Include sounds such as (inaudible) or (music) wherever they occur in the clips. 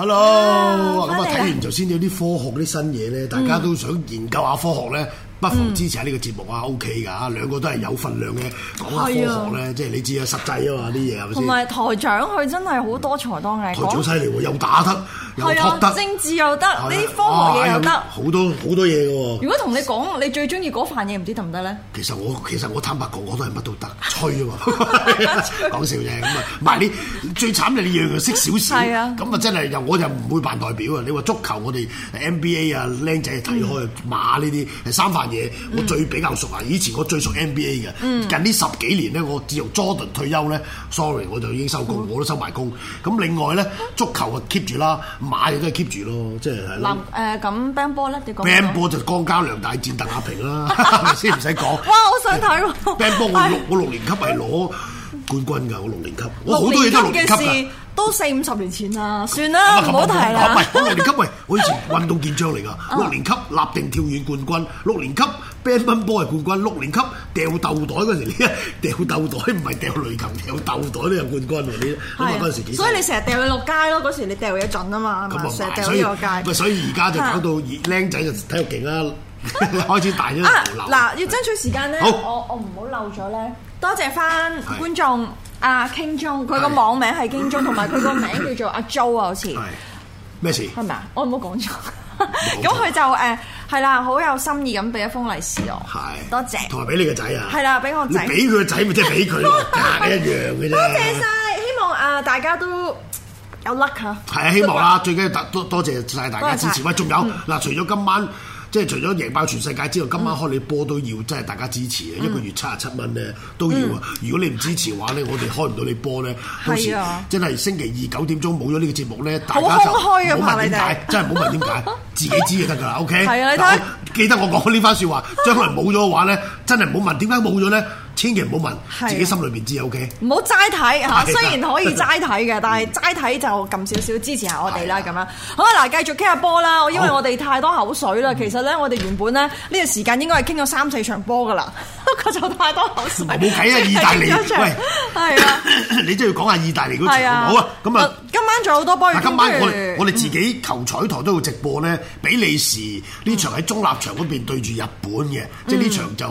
hello，咁啊睇、啊、完頭先有啲科學啲新嘢咧，嗯、大家都想研究下科學咧，不妨支持下呢個節目啊、嗯，OK 㗎，兩個都係有份量嘅講下科學咧，的即係你知啊實際啊嘛啲嘢，同埋台長佢真係好多才多藝，台長犀利喎，哥又打得。係啊，政治又得，呢方面嘅嘢又得，好多好多嘢嘅。如果同你講，你最中意嗰份嘢唔知得唔得咧？其實我其實我坦白講，我都係乜都得，吹啊嘛，講笑啫咁啊！唔係你最慘就你樣樣識少少，咁啊真係又我就唔會扮代表啊！你話足球我哋 NBA 啊，僆仔睇開馬呢啲三份嘢，我最比較熟啊！以前我最熟 NBA 嘅，近呢十幾年咧，我自從 Jordan 退休咧，sorry 我就已經收工，我都收埋工。咁另外咧，足球就 keep 住啦。買都係 keep 住咯，即係。南誒咁乒波咧點講？乒波想、呃、就江嘉良大戰鄧亞萍啦，先唔使講。 (laughs) 哇！我想睇 (laughs) b 喎。乒波我六 (laughs) 我六年級咪攞， (laughs) (laughs) 冠軍噶，我六年級，我好多嘢都六年級六年嘅事都四五十年前啦，算啦，唔好提啦。六年級喂，我以前運動健將嚟噶，六年級立定跳遠冠軍，六年級乒乓波係冠軍，六年級掉豆袋嗰時，你啊掉豆袋，唔係掉壘球，掉豆袋都有冠軍喎。你你嗰陣時幾？所以你成日掉去落街咯，嗰時你掉一准啊嘛，咁成日掉呢個街。所以而家就搞到僆仔就體育勁啦，啊、 (laughs) 開始大咗。啊嗱，要爭取時間咧好，我我唔好漏咗咧。多謝翻觀眾阿 King Jong，佢個網名係 King Jong，同埋佢個名叫做阿 Jo 啊，好似咩事？係咪啊？我冇講錯。咁佢就誒係啦，好有心意咁俾一封利是我，係多謝，同埋俾你個仔啊，係啦，俾我仔，俾佢個仔咪即係俾佢一樣嘅。多謝晒，希望誒大家都有 luck 嚇。係啊，希望啦，最緊要多多謝曬大家支持。喂，仲有嗱，除咗今晚。即係除咗贏爆全世界之外，今晚開你波都要，即係大家支持嘅。嗯、一個月七啊七蚊咧，都要啊！嗯、如果你唔支持嘅話咧，我哋開唔到你波咧。嗯、到時的真係星期二九點鐘冇咗呢個節目咧，大家就唔好問點解，近真係唔好問點解， (laughs) 自己知就得㗎啦。OK，係啊，你記得我講呢番説話，將來冇咗嘅話咧，真係唔好問點解冇咗咧。千祈唔好問，自己心裏邊知啊，OK？唔好齋睇嚇，雖然可以齋睇嘅，但係齋睇就撳少少支持下我哋啦，咁樣好啊！嗱，繼續傾下波啦，因為我哋太多口水啦。其實咧，我哋原本咧呢個時間應該係傾咗三四場波㗎啦，個就太多口水。冇睇啊，意大利啊，喂，係啊，你真係要講下意大利嗰場。好啊，咁啊，今晚仲有好多波。今晚我我哋自己球彩台都要直播咧，比利時呢場喺中立場嗰邊對住日本嘅，即係呢場就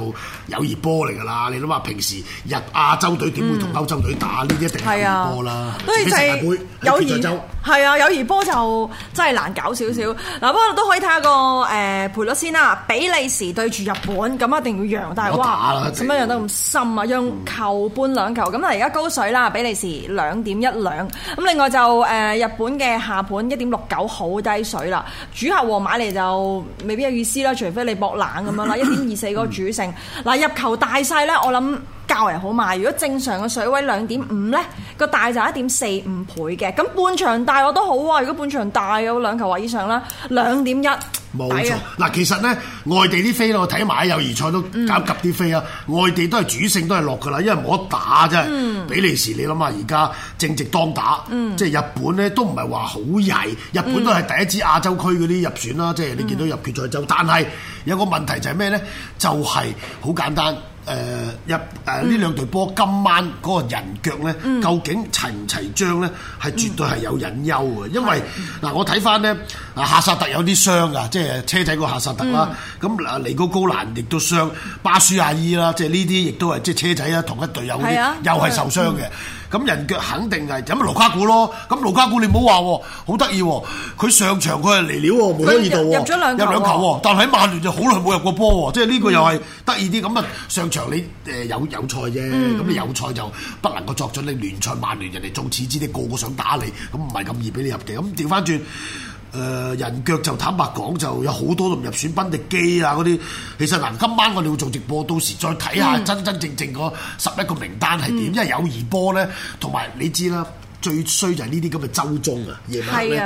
友誼波嚟㗎啦，話平時入亞洲隊點會同歐洲隊打呢？嗯、一定係熱播啦，都係、啊、有熱意。係啊，友誼波就真係難搞少少。嗱，不過都可以睇下個誒賠率先啦。比利時對住日本咁，一定要讓，但係哇，點樣讓得咁深啊？讓球半兩球咁啊，而家高水啦。比利時兩點一兩，咁另外就誒日本嘅下盤一點六九好低水啦。主客和買嚟就未必有意思啦，除非你博冷咁樣啦，一點二四嗰個主勝。嗱，嗯、入球大細咧，我諗。較為好賣。如果正常嘅水位兩點五咧，個大就一點四五倍嘅。咁半場大我都好啊。如果半場大有兩球或以上啦，兩點一冇錯。嗱於，其實咧，外地啲飛我睇埋友誼賽都敢急啲飛啊。外地都係主勝都係落噶啦，因為冇得打真係。嗯、比利時你諗下而家正值當打，嗯、即係日本咧都唔係話好曳。日本都係第一支亞洲區嗰啲入選啦，嗯、即係你見到入決賽周。但係有個問題就係咩呢？就係、是、好簡單。誒入誒呢兩隊波今晚嗰個人腳咧，嗯、究竟齊唔齊章咧？係絕對係有隱憂嘅，嗯、因為嗱、嗯啊、我睇翻咧，啊哈薩特有啲傷㗎，即係車仔個哈薩特啦，咁嚟、嗯、高高蘭亦都傷，巴舒亞依啦，即係呢啲亦都係即係車仔啊同一隊友啲又係受傷嘅。咁人腳肯定係咁就盧卡古咯，咁盧卡古你唔好話喎，好得意喎，佢上場佢係嚟料喎，冇乜二度喎，入兩球喎，球喔、但喺曼聯就好耐冇入過波喎，即係呢個又係得意啲咁啊！嗯、上場你誒有有，有賽啫，咁、嗯、你有賽就不能夠作準你聯賽曼聯人哋眾矢之的，個個想打你，咁唔係咁易俾你入嘅，咁調返轉。誒、呃、人腳就坦白講就有好多都唔入選賓迪基啊嗰啲，其實嗱、呃、今晚我哋要做直播，到時再睇下真真正正個十一個名單係點，嗯、因為友誼波呢，同埋你知啦。最衰就係呢啲咁嘅周中啊，夜晚咧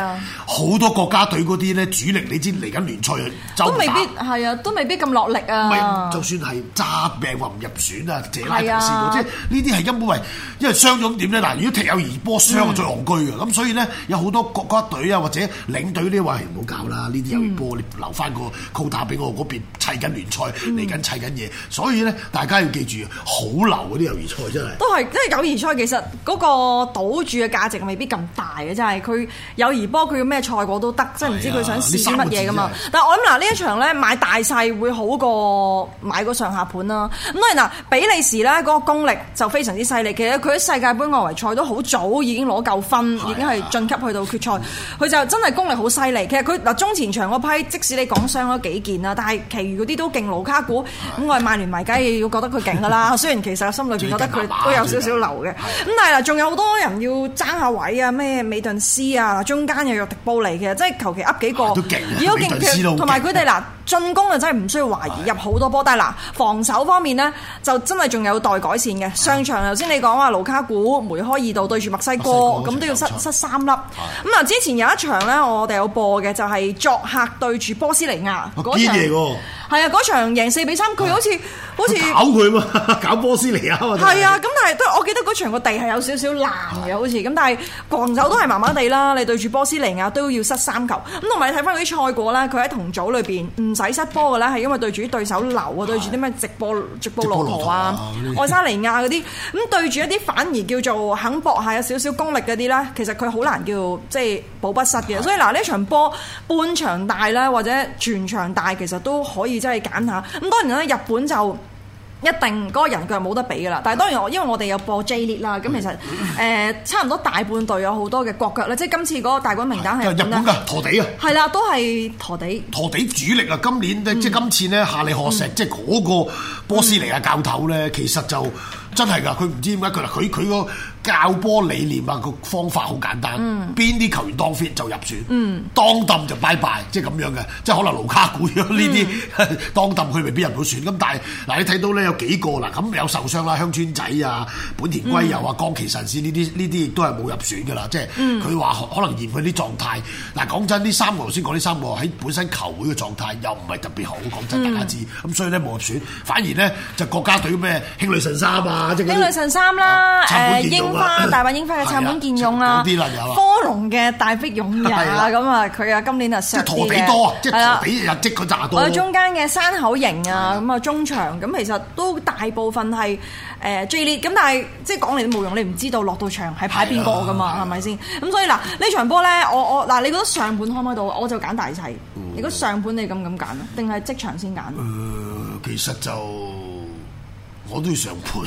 好多國家隊嗰啲咧主力，你知嚟緊聯賽都未必係啊，都未必咁落力啊。咪就算係詐病話唔入選啊，謝拉同斯魯，即係呢啲係根本係因為傷咗點咧？嗱，如果踢友誼波傷啊，最戇居啊。咁所以咧，有好多國家隊啊，或者領隊呢位，話唔好搞啦，呢啲友誼波，你留翻個 quota 俾我嗰邊砌緊聯賽嚟緊砌緊嘢。所以咧，大家要記住，好流嗰啲友誼賽真係都係，因為友誼賽其實嗰個賭住嘅價值未必咁大嘅，真係佢友誼波佢要咩賽果都得，真係唔知佢想試啲乜嘢噶嘛？但係我諗嗱，呢一場咧買大細會好過買個上下盤啦。咁當然嗱，比利時咧嗰個功力就非常之犀利。其實佢喺世界盃外圍賽都好早已經攞夠分，的已經係晉級去到決賽。佢的就真係功力好犀利。其實佢嗱中前場嗰批，即使你講傷咗幾件啦，但係其餘嗰啲都勁，盧卡古。咁的我係曼聯迷梗係要覺得佢勁噶啦。 (laughs) 雖然其實我心裏邊覺得佢都有少少流嘅。咁但係嗱，仲有好多人要。爭下位啊，咩美頓斯啊，中間又有迪布尼嘅，即係求其噏幾個。都勁啊！美頓斯都好。同埋佢哋嗱進攻啊，真係唔需要懷疑，入好多波。但係嗱，防守方面呢，就真係仲有待改善嘅。上場頭先你講話盧卡古梅開二度對住墨西哥，咁都要失失三粒。咁嗱，之前有一場呢，我哋有播嘅就係作客對住波斯尼亞嗰場，係啊，嗰場贏四比三，佢好似好似搞佢搞波斯尼亞。係啊，咁但係都我記得嗰場個地係有少少爛嘅，好似。咁但係防守都係麻麻地啦，你對住波斯尼亞都要失三球，咁同埋你睇翻嗰啲賽果咧，佢喺同組裏邊唔使失波嘅咧，係因為對住啲對手流啊，對住啲咩直播直布羅陀啊、愛沙尼亞嗰啲，咁、 (laughs) 嗯、對住一啲反而叫做肯搏下有少少功力嗰啲呢。其實佢好難叫即係保不失嘅。是的 所以嗱，呢、呃、場波半場大咧，或者全場大其實都可以真係揀下。咁當然啦，日本就。一定嗰、嗰個人腳冇得比㗎啦，但係當然我因為我哋有播 J 聯啦，咁其實誒、呃、差唔多大半隊有好多嘅國腳啦，即係今次嗰個大軍名單係日本㗎，陀地啊，係啦，都係陀地陀地主力啊，今年、嗯、即係今次咧，夏利荷石、嗯、即係嗰個波斯尼亞教頭咧，嗯、其實就真係㗎，佢唔知點解佢啦，佢佢、嗰個。教波理念啊，個方法好簡單，邊啲球員當 fit 就入選，當冧就拜拜，即係咁樣嘅，即係可能盧卡古呢啲當冧佢未必入到選。咁但係嗱你睇到咧有幾個嗱咁有受傷啦，香川仔啊，本田圭佑啊，岡崎慎司呢啲呢啲亦都係冇入選㗎啦，即係佢話可能嫌佢啲狀態。嗱講真，呢三個頭先講呢三個喺本身球會嘅狀態又唔係特別好，講真大家知，咁所以咧冇入選，反而咧就國家隊咩興磊神三啊，即係興磊神三啦，陳冠廷。花大阪櫻花嘅杉本健勇啊，科隆嘅大迫勇也啊，咁啊佢啊今年啊上即係土地多，即係比日積嗰扎多。中間嘅山口螢啊，咁啊中場咁其實都大部分係誒最劣咁，但係即係講嚟都冇用，你唔知道落到場係排邊個㗎嘛，係咪先？咁所以嗱呢場波咧，我我嗱，你覺得上盤可唔可以到？我就揀大細。你覺得上盤你咁咁揀，定係即場先揀？誒，其實就。我都要上盤，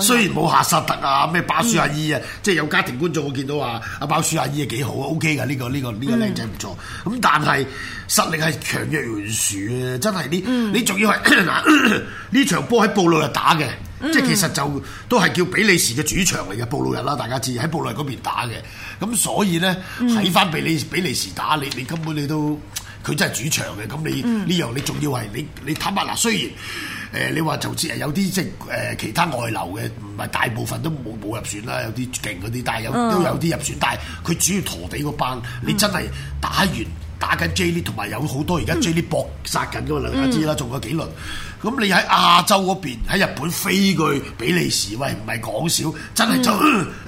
雖然冇下沙特啊，咩巴舒阿姨啊，嗯、即係有家庭觀眾我見到啊，阿巴舒阿姨啊幾好啊、嗯、OK 嘅呢、呢個呢、呢個呢、呢個靚仔唔錯。咁但係實力係強弱懸殊啊。真係呢，嗯、你仲要係呢場波喺布魯日打嘅，嗯、即係其實就都係叫比利時嘅主場嚟嘅布魯日啦，大家知喺布魯日嗰邊打嘅。咁所以咧喺翻比利比利時打你，你根本你都佢真係主場嘅，咁你呢、嗯、樣你仲要係你你坦白嗱，雖然。誒、呃，你話就似誒有啲即係誒其他外流嘅，唔係大部分都冇冇入選啦。有啲勁嗰啲，但係有都有啲入選，嗯、但係佢主要陀地個班。嗯、你真係打完打緊 J 聯，同埋有好多而家 J 聯搏殺緊噶嘛，大家知啦，仲有幾輪。咁你喺亞洲嗰邊喺日本飛去比利時，喂唔係講笑，真係就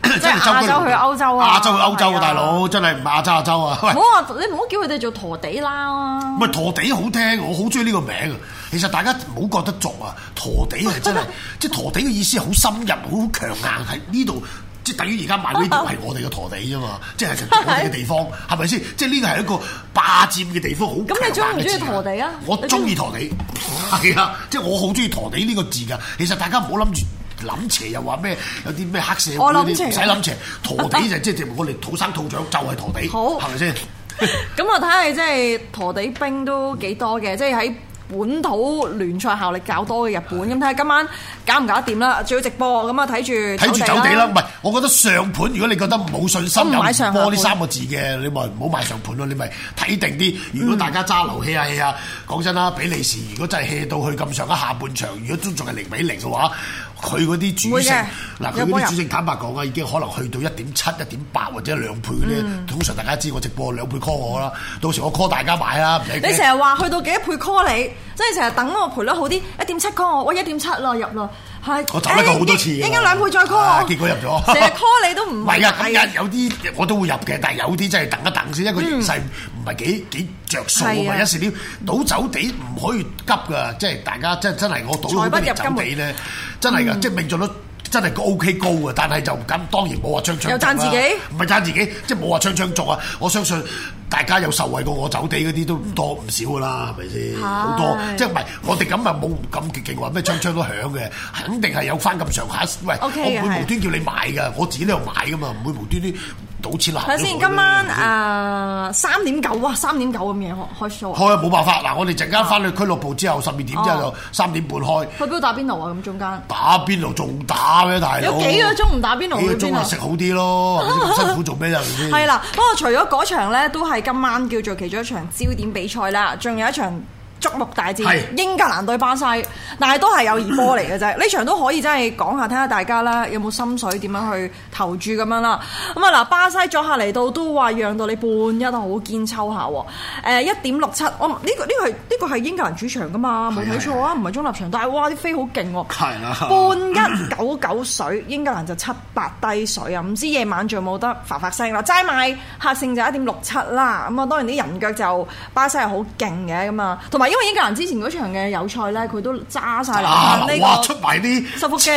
真係、嗯、 (coughs) 亞洲去歐洲啊！亞洲去歐洲啊，啊大佬、啊、真係唔係亞洲亞洲啊！喂！好話你唔好叫佢哋做陀地佬啊！唔係陀地好聽，我好中意呢個名啊！其實大家唔好覺得俗啊，陀地係真係，即係陀地嘅意思好深入、好強硬，喺呢度即係等於而家買呢度係我哋嘅陀地啫嘛，即係我哋嘅地方，係咪先？即係呢個係一個霸佔嘅地方，好強硬嘅字。咁你中唔中意陀地啊？我中意陀地，係啊，即係我好中意陀地呢個字噶。其實大家唔好諗住諗邪，又話咩有啲咩黑社會，唔使諗邪。陀地就即係我哋土生土長，就係陀地，好係咪先？咁我睇下即係陀地兵都幾多嘅，即係喺。本土聯賽效力較多嘅日本，咁睇下今晚搞唔搞得掂啦。最好直播，咁啊睇住睇住走地啦。唔係，我覺得上盤如果你覺得冇信心，上有波呢三個字嘅，你咪唔好買上盤咯。你咪睇定啲。如果大家揸流 hea 下 hea 下，講真啦，比利時如果真係 hea 到去咁上下半場，如果都仲係零比零嘅話。佢嗰啲主勝，嗱佢嗰啲主勝坦白講啊，入入已經可能去到一點七、一點八或者兩倍咧。嗯、通常大家知我直播兩倍 call 我啦，到時我 call 大家買啦。你成日話去到幾多倍 call 你，即係成日等我賠率好啲，一點七 call 我，我一點七囉入囉。是我走咗過好多次，應該兩倍再 call 啊！結果入咗，成日 call 你都唔係啊！係啊， (laughs) 有啲我都會入嘅，但係有啲真係等一等先，嗯、一個形勢唔係幾、嗯、幾着數啊！是的 是一時你倒走地唔可以急噶，是的 即係大家即係真係我倒咗不如走地咧，真係噶，嗯、即係命中率。真係 O K 高啊，但係就唔敢。當然冇話槍槍有讚自己，唔係讚自己，即係冇話槍槍作啊！我相信大家有受惠過我走地嗰啲都唔多唔少㗎啦，係咪先？好是多即係唔係？我哋咁啊冇咁極勁話咩槍槍都響嘅，肯定係有翻咁上下。喂，okay、的我唔會無端叫你買㗎，的我自己喺度買㗎嘛，唔會無端端。首先，看看今晚誒三點九啊，三點九咁嘢開 show 啊！冇、啊啊、辦法，嗱我哋陣間翻去俱樂部之後十二點之後就三點半開。去邊度打邊爐啊？咁、啊啊、中間打邊爐仲打咩大佬？有幾個鐘唔打邊爐？幾個鐘食好啲咯，啊啊、辛苦做咩啫、啊？係 (laughs) 啦，不過除咗嗰場咧，都係今晚叫做其中一場焦點比賽啦，仲有一場。矚目大戰，是英格蘭對巴西，但係都係友誼波嚟嘅啫。呢 (coughs) 場都可以真係講下，睇下大家啦，有冇心水，點樣去投注咁樣啦。咁啊，嗱，巴西作客嚟到都話讓到你半一，好堅抽下。誒、呃，一點六七，我、這、呢個呢、這個係呢、這個係、這個、英格蘭主場噶嘛，冇睇 (coughs) 錯啊，唔係中立場。但係哇，啲飛好勁喎、啊，係啦， (coughs) 半一九九水，英格蘭就七八低水啊，唔知夜晚仲有冇得發發聲啦。齋買客勝就一點六七啦。咁啊，當然啲人腳就巴西係好勁嘅咁啊，同埋。因為英格蘭之前嗰場嘅友賽咧，佢都揸晒流灘個、啊。哇！出埋啲十副機，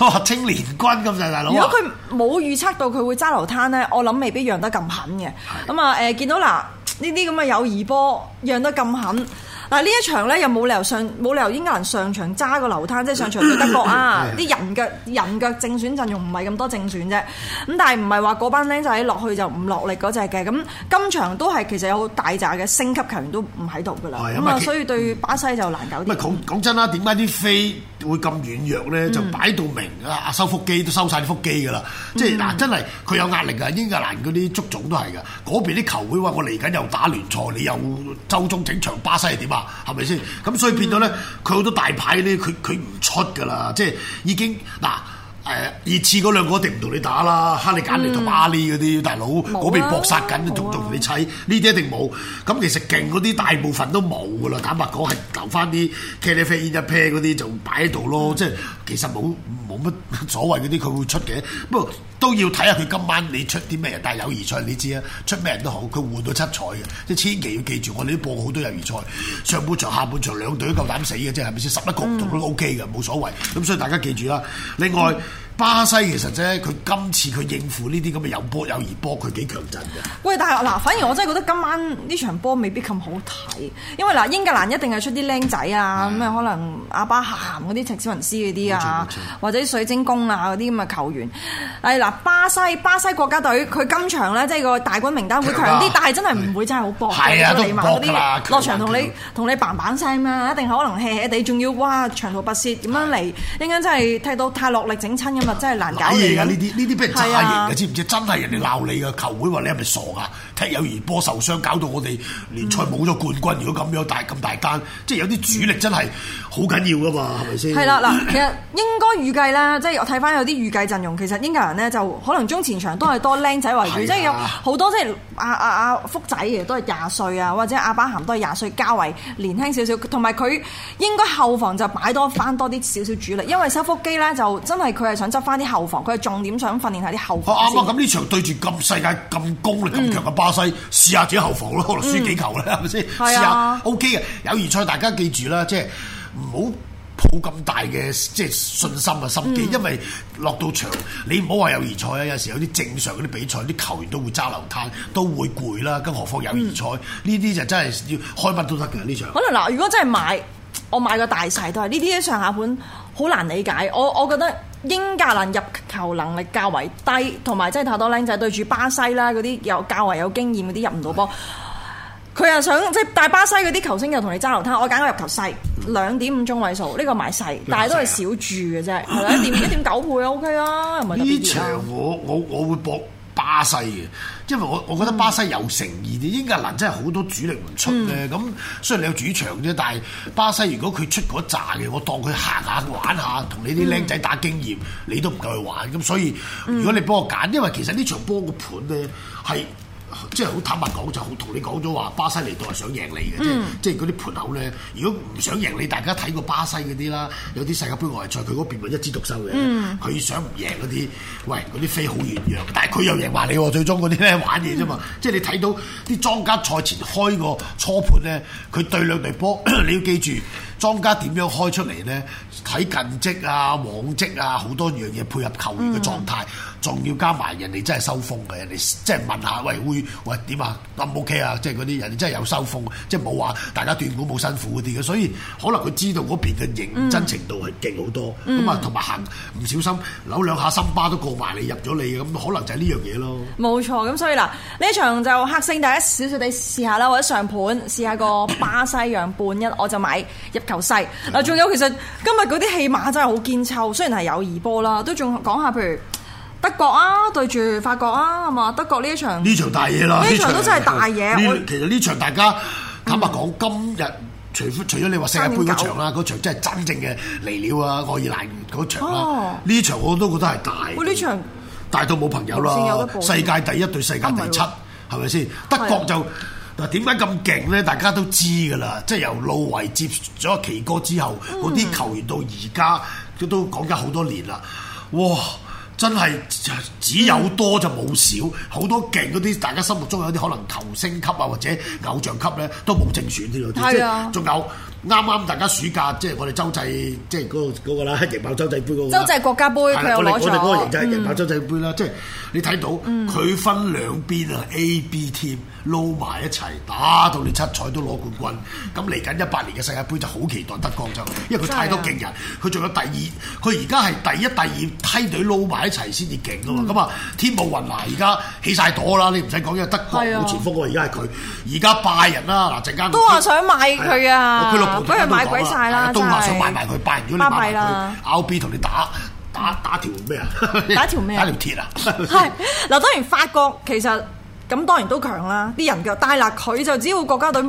哇！青年軍咁滯，大佬。如果佢冇預測到佢會揸流攤咧，我諗未必讓得咁狠嘅。咁是的 啊，誒，見到嗱呢啲咁嘅友誼波讓得咁狠。但呢、啊、一場咧，又冇理由上冇理由英格蘭上場揸個流灘， (laughs) 即係上場對德國啊！啲 (laughs) 人腳人腳正選陣容唔係咁多正選啫。咁但係唔係話嗰班僆仔落去就唔落力嗰隻嘅。咁、嗯、今場都係其實有大扎嘅升級球員都唔喺度噶啦。咁啊、嗯，嗯、所以對巴西就難搞啲。咪講、嗯嗯、真啦，點解啲飛會咁軟弱咧？就擺到明啊，收腹肌都收晒啲腹肌噶啦。嗯、即係嗱、啊，真係佢有壓力啊。英格蘭嗰啲足總都係㗎。嗰邊啲球會話：我嚟緊又打聯賽，你又,你又周中整場巴西係點啊？係咪先？咁所以變咗咧，佢好多大牌咧，佢佢唔出㗎啦，即係已經嗱。誒熱刺嗰兩個一定唔同你打啦，哈利，利·簡尼同阿李嗰啲大佬哥嗰、啊、邊搏殺緊，仲仲同你砌呢啲一定冇。咁其實勁嗰啲大部分都冇噶啦，坦白講係留翻啲茄喱啡、燕仔啤嗰啲就擺喺度咯。即係、嗯、其實冇冇乜所謂嗰啲佢會出嘅。不過都要睇下佢今晚你出啲咩人，但係友誼賽你知啊，出咩人都好，佢換到七彩嘅，即係千祈要記住，我哋都播好多友誼賽，上半場下半場兩隊都夠膽死嘅，即係咪先十一個唔同都 O K 嘅，冇、嗯、所謂。咁所以大家記住啦，另外。巴西其實啫，佢今次佢應付呢啲咁嘅有波友誼波，佢幾強陣㗎？喂！但係嗱，反而我真係覺得今晚呢場波未必咁好睇，因為嗱，英格蘭一定係出啲僆仔啊，咁可能阿巴咸嗰啲、赤子文斯嗰啲啊，或者水晶宮啊嗰啲咁嘅球員。誒嗱，巴西巴西國家隊佢今場咧，即係個大軍名單會強啲，但係真係唔會真係好波。㗎，李茂嗰啲落場同你同你掹掹聲嘛，一定可能 hea hea 地，仲要哇長途跋涉咁樣嚟，一陣間真係睇到太落力整親。真係難搞嘢啊。呢啲呢啲俾人詐型㗎，是啊、知唔知？真係人哋鬧你㗎、啊！球會話你係咪傻啊？踢友誼波受傷，搞到我哋聯賽冇咗冠軍。嗯、如果咁樣大咁大單，即係有啲主力真係好緊要㗎嘛？係咪先？係啦，嗱，其實應該預計啦，即係我睇翻有啲預計陣容，其實英格蘭呢，就可能中前場都係多僆仔為主，是啊、即係有好多即係阿阿阿福仔亦都係廿歲啊，或者阿巴咸都係廿歲，加維年輕少少，同埋佢應該後防就擺多翻多啲少少主力，因為修夫基呢，就真係佢係想。得翻啲後防，佢係重點想訓練下啲後防、嗯。啱啊！咁呢場對住咁世界咁高力咁、嗯、強嘅巴西，試下自己後防咯，嗯、輸幾球啦，係咪先？試下，係啊 OK 啊，友誼賽，大家記住啦，即係唔好抱咁大嘅即係信心啊，心機，嗯、因為落到場你唔好話友誼賽啊，有時有啲正常嗰啲比賽，啲球員都會揸流灘，都會攰啦，更何況友誼賽呢啲、嗯、就真係要開乜都得嘅呢場。可能嗱，如果真係買，我買個大細都係呢啲上下盤好難理解，我我，我覺得。英格蘭入球能力較為低，同埋真係太多僆仔對住巴西啦，嗰啲又較為有經驗嗰啲入唔到波。佢唉 又想即係大巴西嗰啲球星又同你揸流灘，我揀個入球細兩點五中位數，呢、呢個買細，但係都係少注嘅啫，係咪一點一點九倍 OK 啊，okay，又唔係特別，呢場我我我會搏。巴西嘅，因為我我覺得巴西有誠意，嗯、英格蘭真係好多主力唔出嘅。咁、嗯、雖然你有主場啫，但係巴西如果佢出嗰扎嘅，我當佢行下玩下，同你啲靚仔打經驗，嗯、你都唔夠佢玩，咁所以如果你幫我揀，嗯、因為其實呢場波個盤咧係。即係好坦白講，就好同你講咗話，巴西嚟到係想贏你嘅，嗯、即係嗰啲盤口咧。如果唔想贏你，大家睇過巴西嗰啲啦，有啲世界盃外賽，佢嗰邊咪一枝獨秀嘅。佢、嗯、想唔贏嗰啲，喂，嗰啲飛好遠揚，但係佢又贏埋你。最終嗰啲咧玩嘢啫嘛。嗯、即係你睇到啲莊家賽前開個初盤咧，佢對兩隊波， (coughs) 你要記住。莊家點樣開出嚟咧？睇近績啊、往績啊，好多樣嘢配合球員嘅狀態，仲要加埋人哋真係收風嘅人哋，即係問下喂會喂點啊咁 OK 啊？即係嗰啲人真係有收風，即係冇話大家斷估冇辛苦嗰啲嘅，所以可能佢知道嗰邊嘅認真程度係勁好多。咁啊，同埋行唔小心扭兩下心巴都過埋你入咗你，咁可能就係呢樣嘢咯。冇錯，咁所以嗱呢場就黑星，大家少少地試下啦，或者上盤試下個巴西羊半一，我就買入細嗱，仲有其實今日嗰啲戲碼真係好緊湊，雖然係友誼波啦，都仲講下譬如德國啊對住法國啊，係嘛？德國呢場呢場大嘢啦，呢場，場都真係大嘢。嗯、我其實呢場大家坦白講，今除除日除除咗你話世界杯嗰場啦，嗰 3. 9? 場真係真正嘅嚟料啊，愛爾蘭嗰場啦，呢、啊、場我都覺得係大。哇、哎！呢場大到冇朋友啦，世界第一對世界第七，係咪先？德國就。嗱，點解咁勁呢？大家都知㗎啦，即係由路維接咗奇哥之後，嗰啲球員到而家，都講咗好多年啦。哇！真係只有多就冇少，好、嗯、多勁嗰啲，大家心目中有啲可能球星級啊，或者偶像級呢，都冇正選啲嗰啲，嗯、即係仲有。啱啱大家暑假，即係我哋洲際即係嗰個嗰個啦，贏爆洲際杯嗰個洲際國家杯佢攞咗。我哋嗰個型就係贏爆洲際杯啦，即係你睇到佢分兩邊啊，A B team 撈埋一齊打到你七彩都攞冠軍。咁嚟緊一八年嘅世界杯就好期待德國就，因為佢太多勁人，佢仲有第二，佢而家係第一第二梯隊撈埋一齊先至勁噶嘛。咁啊，天慕雲華而家起晒朵啦，你唔使講，因為德國冇前鋒喎，而家係佢，而家拜仁啦，嗱陣間都話想買佢啊。俾佢買了鬼晒啦，想真係是。拜你買曬啦。了 R B 同你打打打條咩啊？打條咩啊？ (laughs) 打條打條鐵啊！係 (laughs) 嗱，當然法國其實咁當然都強啦，啲人腳。但嗱，佢就只要國家隊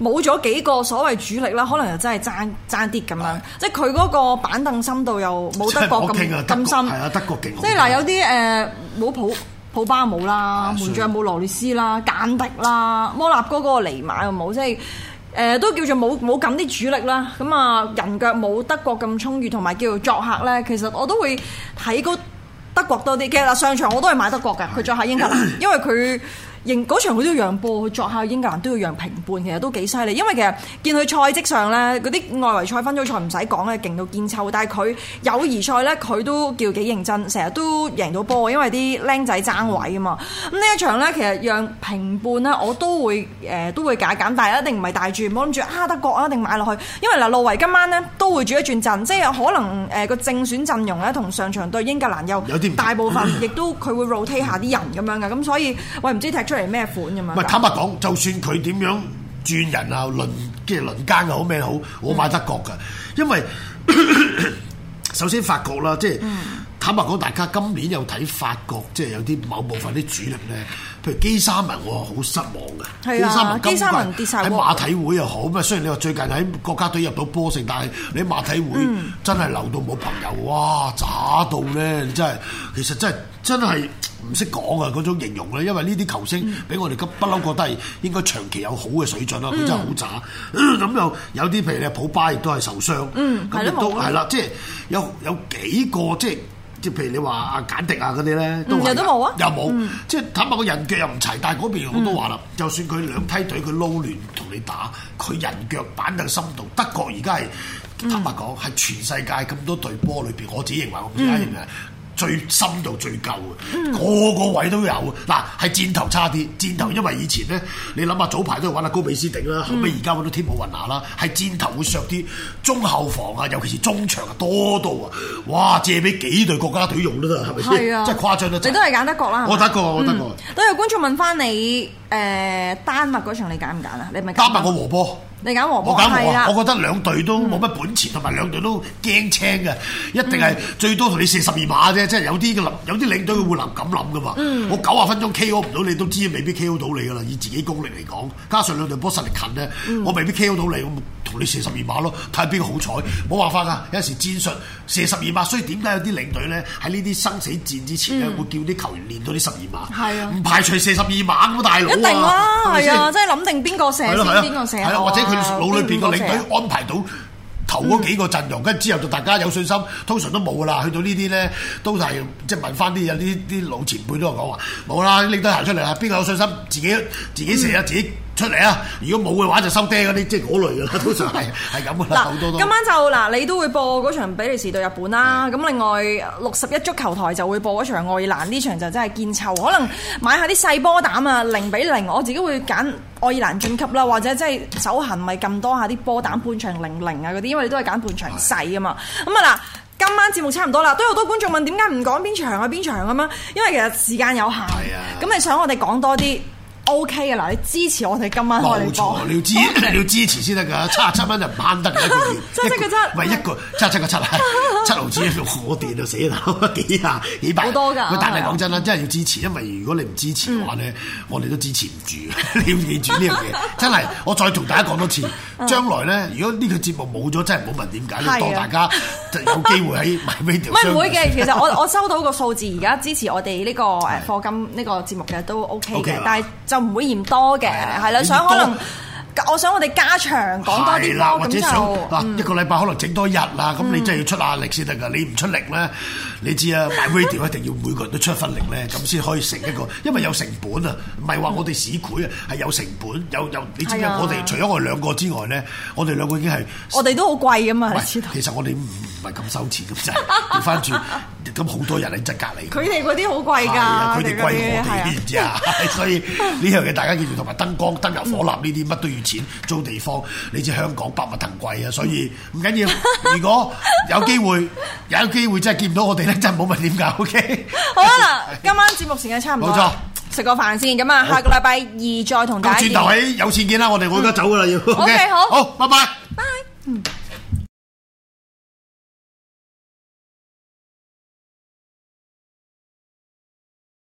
冇咗幾個所謂主力啦，可能又真係爭爭啲咁樣。啊、即係佢嗰個板凳深度又冇德國咁咁深。係啊，德國勁、呃。即係嗱，有啲誒，冇普普巴冇啦，門將冇羅列斯啦，簡迪啦，摩納哥嗰個尼馬又冇，即係。誒、呃、都叫做冇冇咁啲主力啦，咁啊人腳冇德國咁充裕，同埋叫做作客呢。其實我都會睇嗰德國多啲嘅啦。上場我都係買德國嘅，佢作客英格蘭， (laughs) 因為佢。認嗰場佢都要讓波，佢作客英格蘭都要讓平半，其實都幾犀利。因為其實見佢賽績上咧，嗰啲外圍賽、分組賽唔使講咧，勁到堅臭。但係佢友誼賽咧，佢都叫幾認真，成日都贏到波。因為啲僆仔爭位啊嘛。咁呢一場咧，其實讓平半咧，我都會誒、呃、都會解減，但係一定唔係大注，唔好諗住啊德國啊一定買落去。因為嗱路維今晚咧都會轉一轉陣，即係可能誒個、呃、正選陣容咧同上場對英格蘭有大部分亦都佢會 rotate 下啲人咁樣嘅，咁所以喂唔知踢。出嚟咩款咁啊？唔係不但 坦白講，就算佢點樣轉人啊、輪即係輪奸又好咩好，我買德國噶。嗯、因為咳咳首先法國啦，即係、嗯、坦白講，大家今年又睇法國，即係有啲某部分啲主力咧，譬如基沙文，我好失望嘅。啊、基沙文，基沙文跌曬喎。喺馬體會又好，咁啊、嗯、雖然你話最近喺國家隊入到波成，但係你馬體會真係留到冇朋友、嗯、哇！渣到咧？真係，其實真係真係。唔識講啊！嗰種形容咧，因為呢啲球星俾我哋急不嬲，覺得係應該長期有好嘅水準咯。佢、嗯、真係好渣，咁、呃、又有啲譬如你普巴亦都係受傷，咁、嗯、都係啦法。即係有有幾個即係即係譬如你話阿簡迪啊嗰啲咧，都係、嗯啊、又冇，嗯、即係坦白個人腳又唔齊。但係嗰邊我都話啦，嗯、就算佢兩梯隊佢撈亂同你打，佢人腳板凳深度。德國而家係坦白講係、嗯、全世界咁多隊波裏邊，我自己認為我更加認為。最深到最舊嘅，個、嗯、個位都有嗱，係箭頭差啲，箭頭因為以前咧，你諗下早排都玩阿高比斯迪啦，嗯、後尾而家玩到天普雲拿啦，係箭頭會削啲中後防啊，尤其是中場多到啊，哇！借俾幾隊國家隊用都得，係咪先？係啊，真係誇張啦！你都係揀德國啦，我德國，我德國。都有觀眾問翻你誒、呃、丹麥嗰場你揀唔揀啊？你咪丹麥個和波。你揀和波，我揀和，我的我覺得兩隊都冇乜本錢，同埋、嗯、兩隊都驚青嘅，一定係最多同你射十二碼啫。嗯、即係有啲嘅有啲領隊會諗咁諗噶嘛。嗯、我九啊分鐘 KO 唔到你，都知未必 KO 到你噶啦。以自己功力嚟講，加上兩隊波實力近咧，我未必 KO 到你咁。嗯同你射十二碼咯，睇下邊個好彩，冇辦法㗎。有時戰術射十二碼，所以點解有啲領隊咧喺呢啲生死戰之前咧，會叫啲球員練到啲十二碼？係啊、嗯，唔排除射十二碼咁大佬、啊。一定啦、啊，係啊，即係諗定邊個射先，邊、啊啊、射、啊？或者佢腦裏邊個領隊安排到頭嗰幾個陣容，跟住、嗯、之後就大家有信心，通常都冇㗎啦。去到呢啲咧，都係即係問翻啲有啲啲老前輩都係講話冇啦，領隊行出嚟啦，邊個有信心？自己自己射啊，自己、嗯。出嚟啊！如果冇嘅話，就收爹嗰啲，即係嗰類嘅啦，通常係係咁噶啦。嗱， (laughs) 多今晚就嗱，嗯、你都會播嗰場比利時對日本啦。咁是的 另外六十一足球台就會播嗰場愛爾蘭，呢場就真係見抽，可能買下啲細波膽啊，零比零，我自己會揀愛爾蘭晉級啦，或者即係手痕咪咁多下啲波膽半場零零啊嗰啲，因為你都係揀半場細啊嘛。咁啊嗱，今晚節目差唔多啦，都有好多觀眾問點解唔講邊場啊邊場咁樣？因為其實時間有限，咁是的 你想我哋講多啲。O K 嘅嗱，你、okay、支持我哋今晚冇錯你，要支 Okay 你要支持先得噶，七十七蚊就唔得嘅。即係七,七,七個,個七,七,七，一個七啊七個七啊，七毫子我跌到死啦，幾啊幾百。好多㗎。但係講真啦，是的 真係要支持，因為如果你唔支持嘅話咧，嗯、我哋都支持唔住。嗯、 (laughs) 你要記住呢樣嘢，真係我再同大家講多次，將來咧，如果呢個節目冇咗，真係唔好問點解，當是的 大家就有機會喺買翻唔會嘅，其實我我收到個數字，而家支持我哋呢個誒課金呢個節目嘅都 O K 嘅，okay、的但係就。唔會嫌多嘅，係啦，想可能我想我哋加長講多啲，或者想嗱一個禮拜可能整多日啊，咁你真係要出壓力先得噶，你唔出力咧，你知啊，MyRadio 一定要每個人都出一份力咧，咁先可以成一個，因為有成本啊，唔係話我哋市儈啊係有成本，有有你知唔知？我哋除咗我哋兩個之外咧，我哋兩個已經係我哋都好貴噶嘛，其實我哋唔唔係咁收錢嘅，翻轉。咁好多人喺側隔離，佢哋嗰啲好貴㗎，佢哋貴我哋，唔知啊！所以呢樣嘢大家見住同埋燈光、燈油、火蠟呢啲乜都要錢租地方，你知香港百物騰貴啊，所以唔緊要。如果有機會，有機會真係見唔到我哋咧，真係冇問點解。OK，好啦！嗱，今晚節目時間差唔多，冇錯，食個飯先咁啊，下個禮拜二再同大家見。轉頭喺有錢見啦，我哋我而家走㗎啦，要 OK，好，好，拜拜，拜。